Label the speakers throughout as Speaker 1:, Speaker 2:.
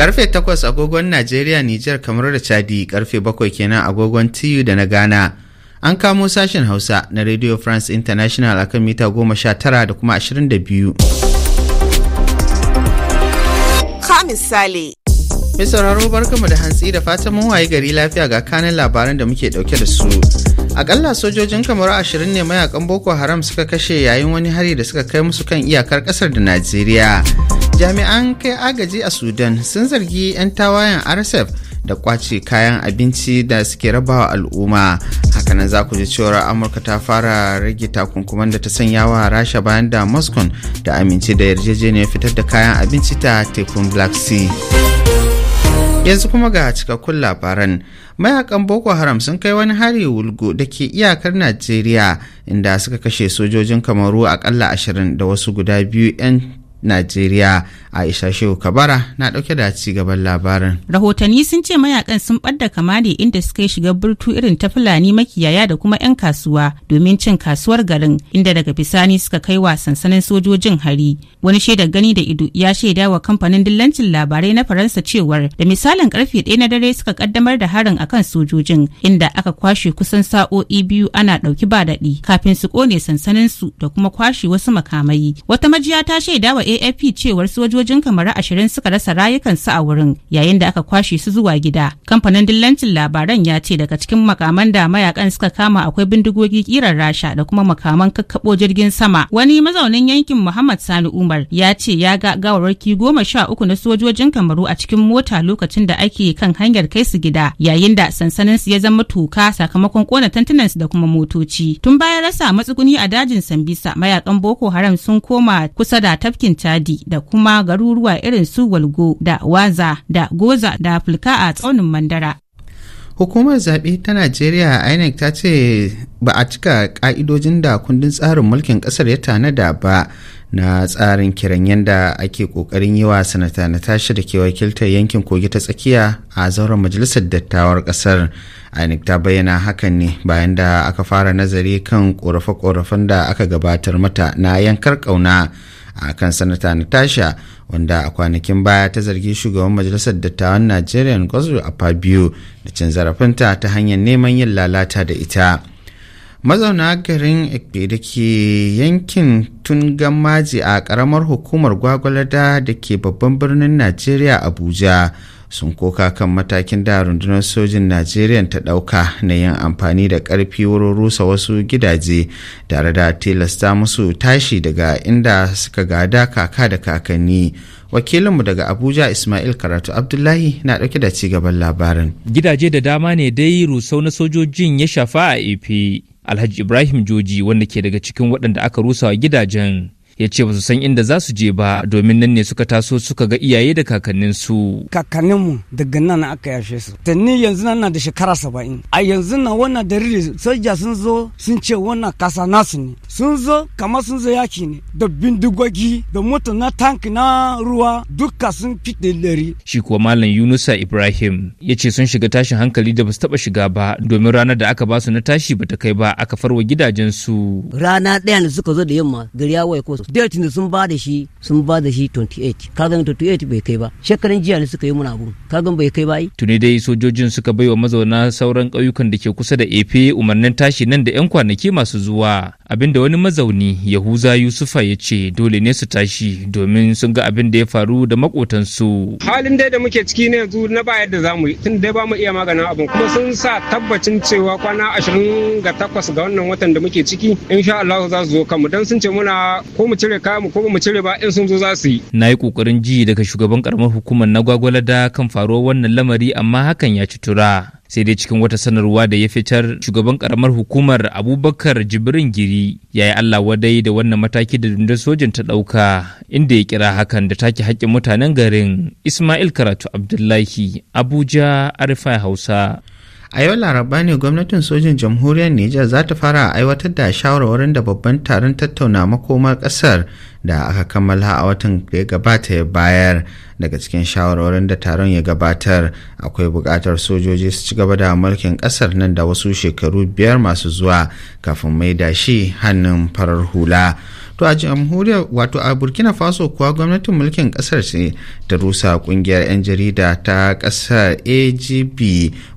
Speaker 1: Karfe 8 agogon Najeriya, Nijar, kamar da Chadi, karfe 7 kenan agogon TU da na Ghana. An kamo sashen Hausa na Radio France International akan mita 19 da kuma 22.
Speaker 2: Ka misali.
Speaker 1: Mai sauraro barkamu da hantsi da fatan mun waye gari lafiya ga kanin labaran da muke dauke da su. Akalla sojojin kamar ashirin ne mayakan Boko Haram suka kashe yayin wani hari da suka kai musu kan iyakar kasar da Najeriya. jami'an kai agaji a sudan sun zargi 'yan tawayen rsf da kwace kayan abinci da suke rabawa al'umma hakanan za ku ji cewar amurka ta fara rage takunkuman da ta sanya wa rasha bayan da moscow da amince da yarjejeniyar fitar da kayan abinci ta tekun black sea yanzu kuma ga cikakkun labaran mayakan boko haram sun kai wani hari wulgo da ke iyakar najeriya inda suka kashe sojojin kamaru akalla ashirin da wasu guda biyu 'yan Najeriya Aisha Shehu Kabara na dauke da ci gaban labarin.
Speaker 2: Rahotanni sun ce mayakan sun ɓadda ne inda suka shiga burtu irin ta Fulani makiyaya da kuma 'yan kasuwa domin cin kasuwar garin inda daga bisani suka kai wa sansanin sojojin hari. Wani shaida gani da ido ya shaida wa kamfanin dillancin labarai na Faransa cewar da misalin karfe ɗaya na dare suka kaddamar da harin akan sojojin inda aka kwashe kusan sa'o'i biyu ana ɗauki ba daɗi kafin su ƙone su da kuma kwashe wasu makamai. Wata majiya ta shaida wa AFP cewar sojojin kamara ashirin suka rasa rayukansu a wurin yayin da aka kwashe su zuwa gida. Kamfanin dillancin labaran ya ce daga cikin makaman da mayakan suka kama akwai bindigogi kiran rasha da kuma makaman kakkaɓo jirgin sama. Wani mazaunin yankin Muhammad Sani Umar ya ce ya ga gawarwaki goma sha uku na sojojin kamaru a cikin mota lokacin da ake kan hanyar kai su gida yayin da sansanin su ya zama tuka sakamakon kona su da kuma motoci. Tun bayan rasa matsuguni a dajin Sambisa mayakan Boko Haram sun koma kusa da tafkin chadi da kuma garuruwa irin su walgo da waza da goza da fulka a tsaunin mandara
Speaker 1: hukumar zaɓe ta najeriya inec ta ce ba a cika ƙa'idojin da kundin tsarin mulkin ƙasar ya tanada ba na tsarin kiran yadda ake ƙoƙarin yi wa sanata na tashi da ke wakiltar yankin kogi ta tsakiya a zauren majalisar dattawar ƙasar inec ta bayyana hakan ne bayan da aka fara nazari kan ƙorafe-ƙorafen da aka gabatar mata na yankar ƙauna a kan sanata natasha wanda a kwanakin baya ta zargi shugaban majalisar dattawan najeriya gozo a da cin zarafinta ta hanyar neman yin lalata da ita mazauna garin ekpe da ke yankin tungan maji a karamar hukumar gwagwalada da ke babban birnin najeriya abuja sun koka kan matakin da rundunar sojin najeriya ta ɗauka na yin amfani da ƙarfi wurin rusa wasu gidaje tare da tilasta musu tashi daga inda suka gada kaka da kakanni wakilinmu daga abuja ismail karatu abdullahi na ɗauke da cigaban labarin gidaje da dama ne dai rusau na sojojin ya shafa a ife
Speaker 3: alhaji ibrahim joji wanda ke daga cikin waɗanda aka rusa gidajen ya ce ba su san inda za su je ba domin nan ne suka taso suka ga iyaye da kakanninsu.
Speaker 4: Kakanninmu daga nan aka yashe su. Da yanzu nan da shekara saba'in. A yanzu nan wannan dalili soja sun zo sun ce wannan kasa nasu ne. Sun zo kamar sun zo yaki ne da bindigogi da mota na tank na ruwa duka sun fi dari.
Speaker 3: Shi kuwa Malam Yunusa Ibrahim ya ce sun shiga tashin hankali da ba su taɓa shiga ba domin ranar da aka ba su na tashi ba ta kai ba aka farwa su.
Speaker 5: Rana ɗaya da suka zo da yamma gari ya waye ko date da sun ba da shi sun ba da shi 28 kagan 28 bai kai ba shekaran jiya ne suka yi muna abun kagan bai kai ba yi
Speaker 3: tuni dai sojojin suka baiwa mazauna sauran ƙauyukan da ke kusa da efe umarnin tashi nan da 'yan kwanaki masu zuwa Abin da wani mazauni yahuza yusufa ya ce dole ne su tashi domin sun ga abin da ya faru da makotansu halin dai da muke ciki ne yanzu na ba yadda za mu yi tun dai ba mu iya maganin abin kuma sun sa tabbacin cewa kwana ashirin ga takwas ga wannan watan da muke ciki insha allahu za su zo kanmu don sun ce muna ko mu cire kayanmu ko mu cire ba in sun zo za su yi na yi kokarin ji daga shugaban karamar hukumar na gwagwalada kan faruwar wannan lamari amma hakan ya ci tura sai dai cikin wata sanarwa da ya fitar shugaban karamar hukumar abubakar jibrin giri ya yi allah wadai da wannan mataki da dundar sojin ta ɗauka inda ya kira hakan da take haƙƙin mutanen garin ismail karatu abdullahi
Speaker 1: abuja arifai hausa a yau laraba ne gwamnatin sojin jamhuriyar Nijar za ta fara aiwatar da shawarwarin da babban taron tattauna makomar kasar da aka kammala a watan da ya gabata ya bayar daga cikin shawarwarin da taron ya gabatar akwai buƙatar sojoji su ci gaba da mulkin ƙasar nan da wasu shekaru biyar masu zuwa kafin mai da shi hannun farar hula to a jamhuriyar wato a burkina faso kuwa gwamnatin mulkin kasar ce ta rusa kungiyar 'yan jarida ta kasar agb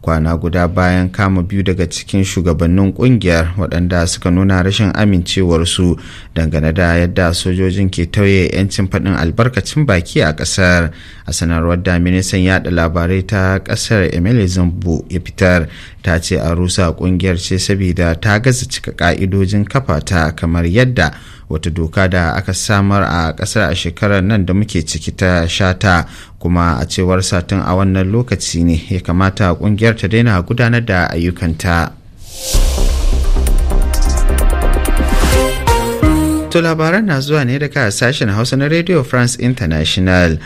Speaker 1: kwana guda bayan kama biyu daga cikin shugabannin kungiyar waɗanda suka nuna rashin amincewarsu dangane da yadda sojojin ke tauye 'yancin faɗin albarkacin baki a ƙasar a sanarwar da ministan yada labarai ta ƙasar emily zambo ya fitar ta ce a rusa kungiyar ce saboda ta gaza cika ka'idojin kafa ta kamar yadda wata doka da aka samar a kasar a shekarar nan da muke ciki ta shata kuma a cewar satin a wannan lokaci ne ya kamata kungiyar ta daina gudanar da ayyukanta. To labaran na zuwa ne daga sashen Hausa na Radio France International.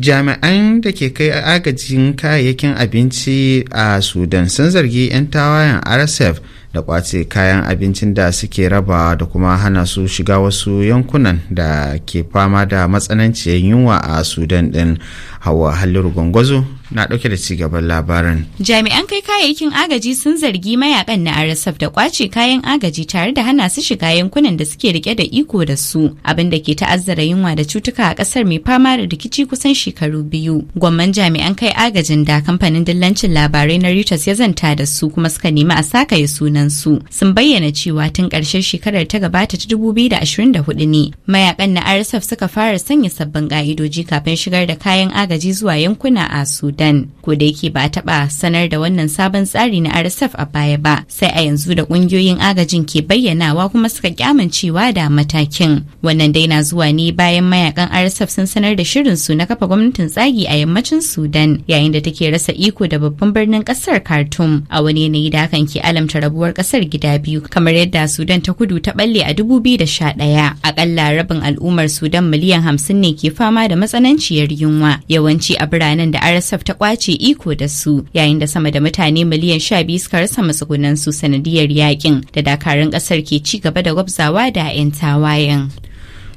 Speaker 1: jami'an da ke kai agajin kayayyakin abinci a sudan sun zargi 'yan tawayen rsf da kwace kayan abincin da suke raba da kuma hana su shiga wasu yankunan da ke fama da matsananciyar yunwa a sudan din hawa halin rugungwazo na ɗauke da cigaban labaran.
Speaker 6: Jami'an kai kayayyakin agaji sun zargi mayakan na RSF da kwace kayan agaji tare da hana su shiga yankunan da suke rike da iko da su, abin da ke ta'azzara yunwa da cutuka a ƙasar mai fama da rikici kusan shekaru biyu. Gwamman jami'an kai agajin da kamfanin dillancin labarai na Reuters ya zanta da su kuma suka nemi a sakaye sunan su. Sun bayyana cewa tun karshen shekarar ta gabata ta 2024 ne mayakan na RSF suka fara sanya sabbin ka'idoji kafin shigar da kayan agaji zuwa yankuna a Sudan. sudan ko da yake ba a taɓa sanar da wannan sabon tsari na rsf a baya ba sai a yanzu da ƙungiyoyin agajin ke bayyanawa kuma suka kyamancewa da matakin wannan dai na zuwa ne bayan mayakan rsf sun sanar da shirin su na kafa gwamnatin tsagi a yammacin sudan yayin da take rasa iko da babban birnin ƙasar khartoum a wani yanayi da hakan ke alamta rabuwar ƙasar gida biyu kamar yadda sudan ta kudu ta balle a 2011 akalla rabin al'ummar sudan miliyan hamsin ne ke fama da matsananciyar yunwa yawanci a biranen da rsf ta kwace iko da su yayin da sama da mutane miliyan 12 suka rasa matsugunan su sanadiyar yakin da dakarun kasar ke ci gaba da gwabzawa da 'yan tawayen.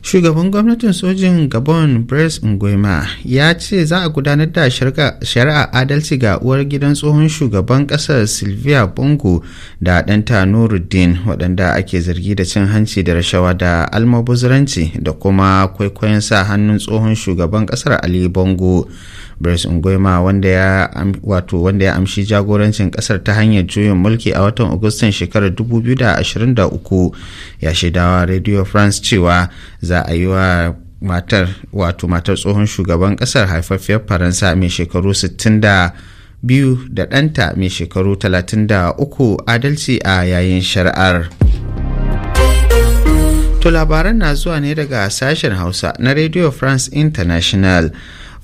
Speaker 1: shugaban gwamnatin sojin gabon brace ngoima ya ce za a gudanar da shari'a adalci ga uwar gidan tsohon shugaban kasar sylvia bongo da ɗanta nuruddin waɗanda ake zargi da cin hanci da rashawa da almabuzuranci da kuma kwaikwayon sa hannun tsohon shugaban kasar ali bongo Brice Ngoima wanda ya wato wanda ya amshi jagorancin kasar ta hanyar juyin mulki a watan Agustan shekarar 2023 ya shaidawa Radio France cewa za a yi wa matar wato matar tsohon shugaban kasar haifaffiyar Faransa mai shekaru 60 da biyu da ɗanta mai shekaru 33 adalci a yayin shari'ar. To labaran na zuwa ne daga sashen Hausa na Radio France International.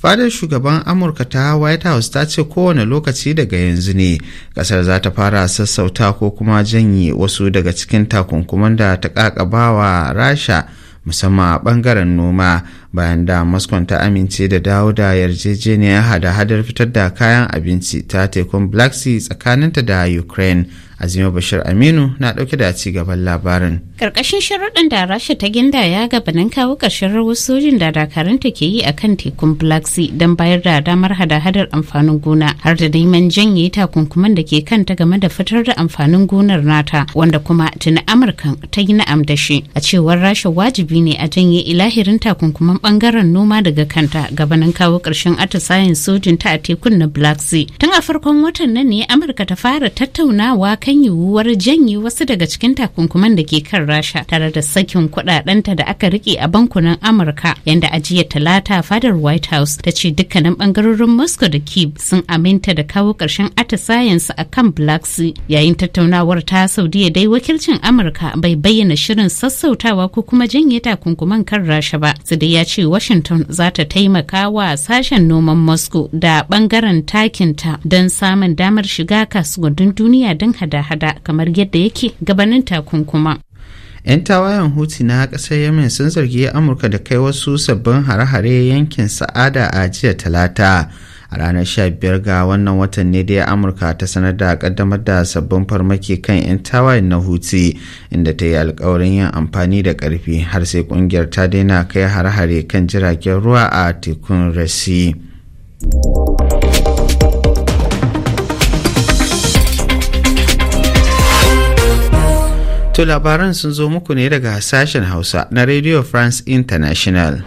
Speaker 1: fadar shugaban amurka ta white house ta ce kowane lokaci daga yanzu ne kasar za ta fara sassauta ko kuma janye wasu daga cikin takunkuman da ta kakabawa rasha musamman a bangaren noma bayan da moscow ta amince da dawo da yarjejeniya hada-hadar fitar da kayan abinci ta tekun black sea tsakaninta da ukraine azima bashir aminu na dauke da ci gaban labarin
Speaker 5: karkashin sharuɗin da rasha ta ya gabanin kawo karshen rawar sojin da dakaranta ke yi akan tekun black sea don bayar da damar hada-hadar amfanin gona har da neman janye takunkuman da ke kanta game da fitar da amfanin gonar nata wanda kuma tuni amurkan ta yi na'am da shi a cewar rasha wajibi ne a janye ilahirin takunkuman bangaren noma daga kanta gabanin kawo ƙarshen atisayen sojin ta a tekun na Black Sea. Tun a farkon watan nan ne Amurka ta fara tattaunawa kan yiwuwar janye wasu daga cikin takunkuman da ke kan Rasha tare da sakin kuɗaɗenta da aka rike a bankunan Amurka yanda a jiya talata fadar White House ta ce dukkanin bangarorin Moscow da Kiev, sun aminta da kawo ƙarshen su a kan Black Sea yayin tattaunawar ta Saudiya dai wakilcin Amurka bai bayyana shirin sassautawa ko kuma janye takunkuman kan Rasha ba. Su dai ya ce ce Washington za ta taimaka wa sashen noman Moscow da bangaren takinta don samun damar shiga kasuwannin duniya don hada-hada kamar yadda yake
Speaker 1: gabanin takunkuma. 'yan tawayen huti na ƙasar yamin sun zargi amurka da kai wasu sabbin hare-hare yankin sa'ada a jiya talata a ranar 15 ga wannan watan ne dai amurka ta sanar da kaddamar da sabbin farmaki kan 'yan tawayen na huti inda ta yi alkawarin yin amfani da karfi har sai kungiyar ta daina kai hare-hare kan jiragen ruwa a tekun rasi To labaran sun zo muku ne daga sashen Hausa na Radio France International.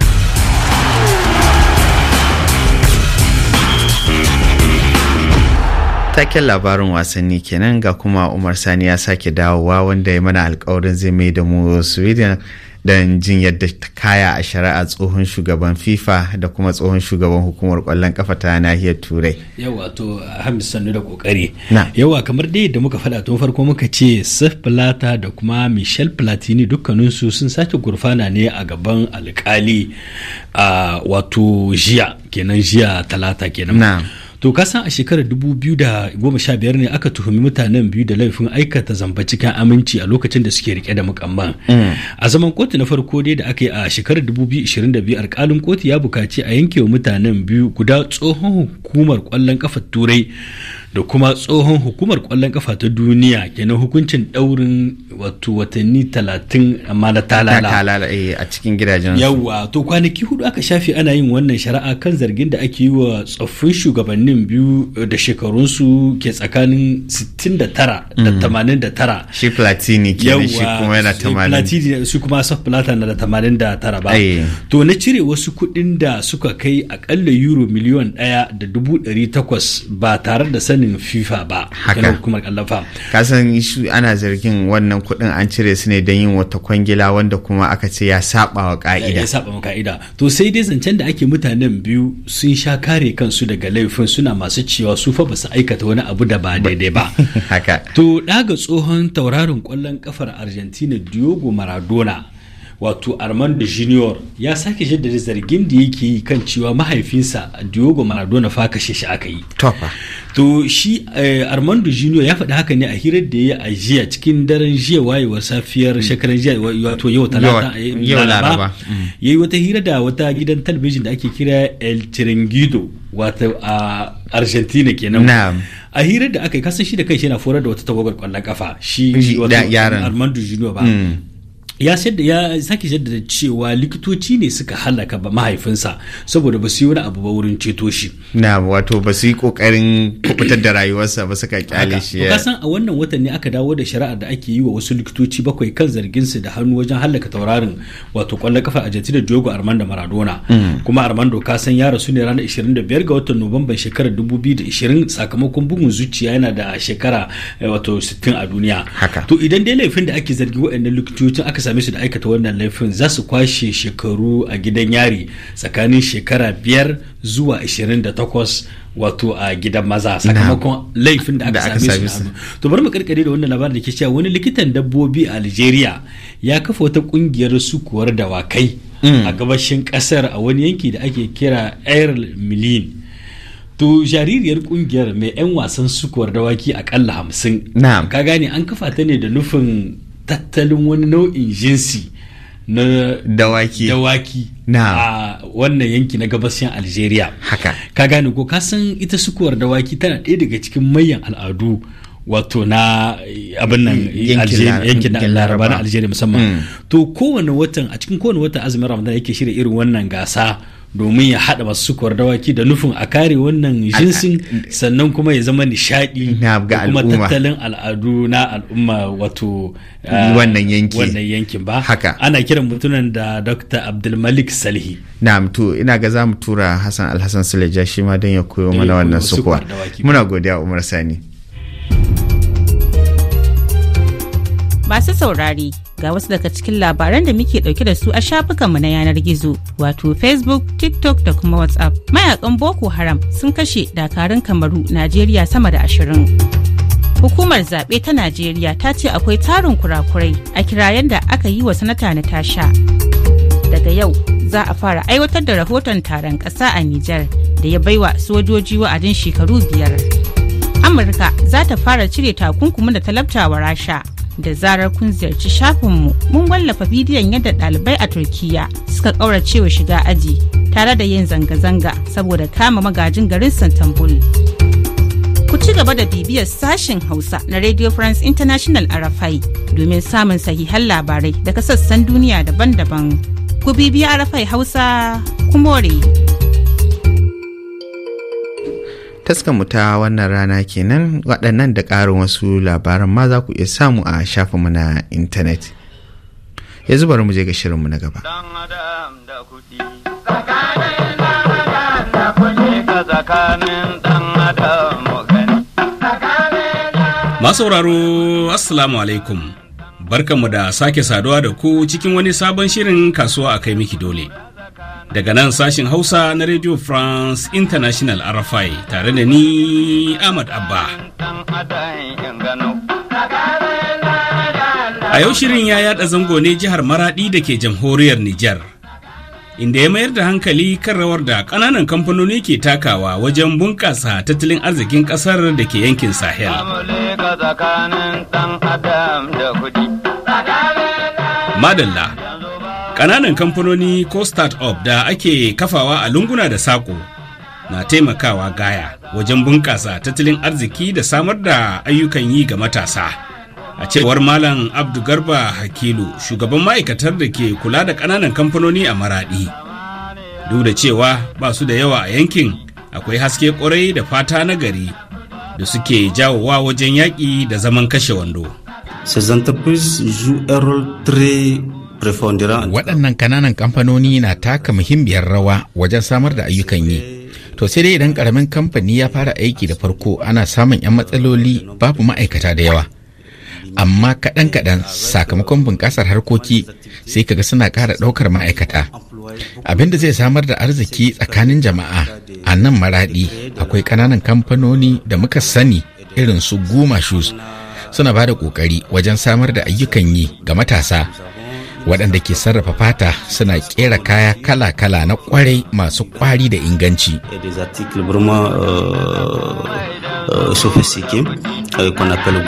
Speaker 1: Taken labarin wasanni kenan ga kuma Umar Sani ya sake dawowa wanda ya mana alkawarin zai mai da mu Sweden don jin yadda ta kaya a shari'a tsohon shugaban fifa da kuma tsohon shugaban hukumar kwallon kafa ta nahiyar turai
Speaker 7: yawa to hamis sannu da kokari
Speaker 1: yawa kamar dai da muka faɗa tun farko muka ce sef
Speaker 7: plata da kuma michel platini dukkaninsu sun sake gurfana ne a gaban alkali a wato jiya kenan jiya talata kenan to kasan a shekarar 2015 ne aka tuhumi mutanen biyu da laifin aikata zamba cikin aminci a lokacin da suke rike da mukamman mm. a zaman kotu na farko dai da aka yi a shekarar 2022 alkalin kotu ya bukaci a yanke wa mutanen biyu guda tsohon hukumar kwallon kafa turai da kuma tsohon hukumar kwallon kafa ta duniya kenan hukuncin daurin wato watanni talatin amma na talala
Speaker 1: eh, a cikin gidajen yawa
Speaker 7: to kwanaki hudu aka shafi ana yin wannan shari'a kan zargin da ake yi wa tsoffin shugabannin biyu da shekarunsu ke tsakanin 69 da 89 mm.
Speaker 1: shi platini ke shi kuma yana 80
Speaker 7: platini shi kuma soft plata da 89 ba eh. to na cire wasu kuɗin da suka kai akalla euro miliyon ɗaya da dubu ɗari takwas ba tare da sanin tsarin fifa ba haka hukumar kallafa
Speaker 1: kasan shi ana zargin wannan kudin an cire su ne don yin wata kwangila wanda kuma aka ce ya saba wa ka'ida ya saba wa ka'ida to sai dai zancen da ake mutanen biyu sun sha kare kansu daga laifin suna masu
Speaker 7: cewa su fa basu aikata wani abu da ba daidai ba haka to daga tsohon tauraron kwallon kafar argentina diogo maradona wato armando junior ya sake jaddada zargin da yake yi kan cewa mahaifinsa diogo maradona fa kashe shi aka yi to shi eh, armando junior ya faɗi haka ne a hirar da ya a jiya cikin daren jiya wayewar safiyar mm. shekaran jiya wato yau talata eh, laraba mm. ya yi wata hira da wata gidan talabijin da ake kira el chiringuito wato a argentina kenan a hirar da aka yi kasan shi da kai shi na forar da wata tawagar kwallon kafa shi wato armando junior ba mm. ya ya sake jaddada cewa likitoci ne suka halaka ba mahaifinsa saboda ba su yi wani abu ba wurin ceto shi
Speaker 1: na wato ba su yi kokarin kubutar da rayuwarsa ba suka kyale shi ya kasan
Speaker 7: a wannan watan ne aka dawo da shari'ar da ake yi wa wasu likitoci bakwai kan zargin su da hannu wajen halaka taurarin wato kwallon kafa Argentina Diogo Armando Maradona mm. kuma Armando san ya rasu ne ranar 25 ga watan Nuwamban shekarar 2020 sakamakon bugun zuciya yana da shekara eh, wato 60 a duniya to idan dai laifin da ake zargi wa'annan likitocin aka same su da aikata wannan laifin za su kwashe shekaru a gidan yari tsakanin shekara biyar zuwa 28 wato a gidan maza sakamakon laifin da aka same su to bari mu karkare da wannan labarin da ke cewa wani likitan dabbobi a Algeria ya kafa wata kungiyar sukuwar dawakai mm. a gabashin kasar a wani yanki da ake kira Air Milin to jaririyar kungiyar mai 'yan wasan sukuwar dawaki akalla hamsin ka gane an kafa ta ne da nufin tattalin wani nau'in jinsi na dawaki a wannan yanki na gabashin algeria haka ka gane ko kasan ita sukuwar dawaki tana ɗaya daga cikin manyan al'adu wato na eh, abin nan eh, yankin na laraba na algeria musamman mm. to kowane watan a cikin kowane watan azumin ramadan yake shirya irin wannan gasa domin ya haɗa masu sukuwar dawaki da nufin a kare wannan jinsin sannan kuma ya zama nishaɗi da kuma tattalin al'adu na al'umma wato ah, wannan yankin ba ana kiran mutunan da dr abdulmalik salhi
Speaker 1: na to ina ga za mu tura hassan alhassan suleja shi ma don ya koyo mana wannan sukuwar muna godiya umar sani
Speaker 2: Masu saurari ga wasu daga cikin labaran da muke dauke da su a mu na yanar gizo wato Facebook, TikTok da kuma WhatsApp. Mayakan Boko Haram sun kashe dakarun Kamaru, Najeriya sama da ashirin. Hukumar zaɓe ta Najeriya ta ce akwai tarin kurakurai a kirayen da aka yi wa sanata na tasha. Daga yau za a fara aiwatar da rahoton taron ƙasa a Nijar da ya baiwa sojoji wa'adin shekaru biyar. Amurka za ta fara cire takunkumin da talabta wa Rasha da zarar kun ziyarci shafinmu mun wallafa bidiyon yadda ɗalibai a turkiya suka ƙauracewa shiga aji tare da yin zanga-zanga saboda kama magajin garin santambul ku ci gaba da bibiyar sashen hausa na radio france international arafai domin samun sahihan labarai daga sassan duniya daban-daban ku bibiya arafai hausa kumore. more
Speaker 1: mu ta wannan rana kenan waɗannan da ƙarin wasu labaran ma za ku iya samu a shafinmu na intanet yanzu bari mu je ga shirinmu na gaba
Speaker 4: masauraro assalamu alaikum barkanmu da sake saduwa da ku cikin wani sabon shirin kasuwa a kai miki dole daga nan sashin hausa na radio france international rfi tare da ni ahmad abba a yau shirin ya yada zango ne jihar maradi da ke jamhuriyar niger inda ya mayar da hankali kan rawar da ƙananan kamfanoni ke takawa wajen bunƙasa tattalin arzikin ƙasar da ke yankin sahel madalla ƙananan kamfanoni ko start-up da ake kafawa a lunguna da saƙo na taimakawa gaya wajen bunƙasa tattalin arziki da samar da ayyukan yi ga matasa a cewar malam abdu garba hakilu shugaban ma'aikatar da ke kula da ƙananan kamfanoni a maraɗi duk da cewa ba su da yawa a yankin akwai haske ƙwarai da fata na gari da suke jawowa wajen yaƙi da zaman kashe wando. Ces Waɗannan kananan kamfanoni na taka muhimmiyar rawa wajen samar da ayyukan yi. To sai dai idan ƙaramin kamfani ya fara aiki da farko ana samun 'yan matsaloli babu ma'aikata da yawa. Amma kaɗan-kaɗan sakamakon bunƙasar harkoki sai kaga suna ƙara ɗaukar ma'aikata. Abin da zai samar da arziki tsakanin jama'a a nan maraɗi akwai ƙananan kamfanoni da muka sani irin su Guma Shoes suna ba da ƙoƙari wajen samar da ayyukan yi ga matasa. waɗanda ke sarrafa fata suna kera kaya kala-kala na ƙwarai masu kwari da inganci.
Speaker 7: Euh,
Speaker 2: euh, qu'on appelle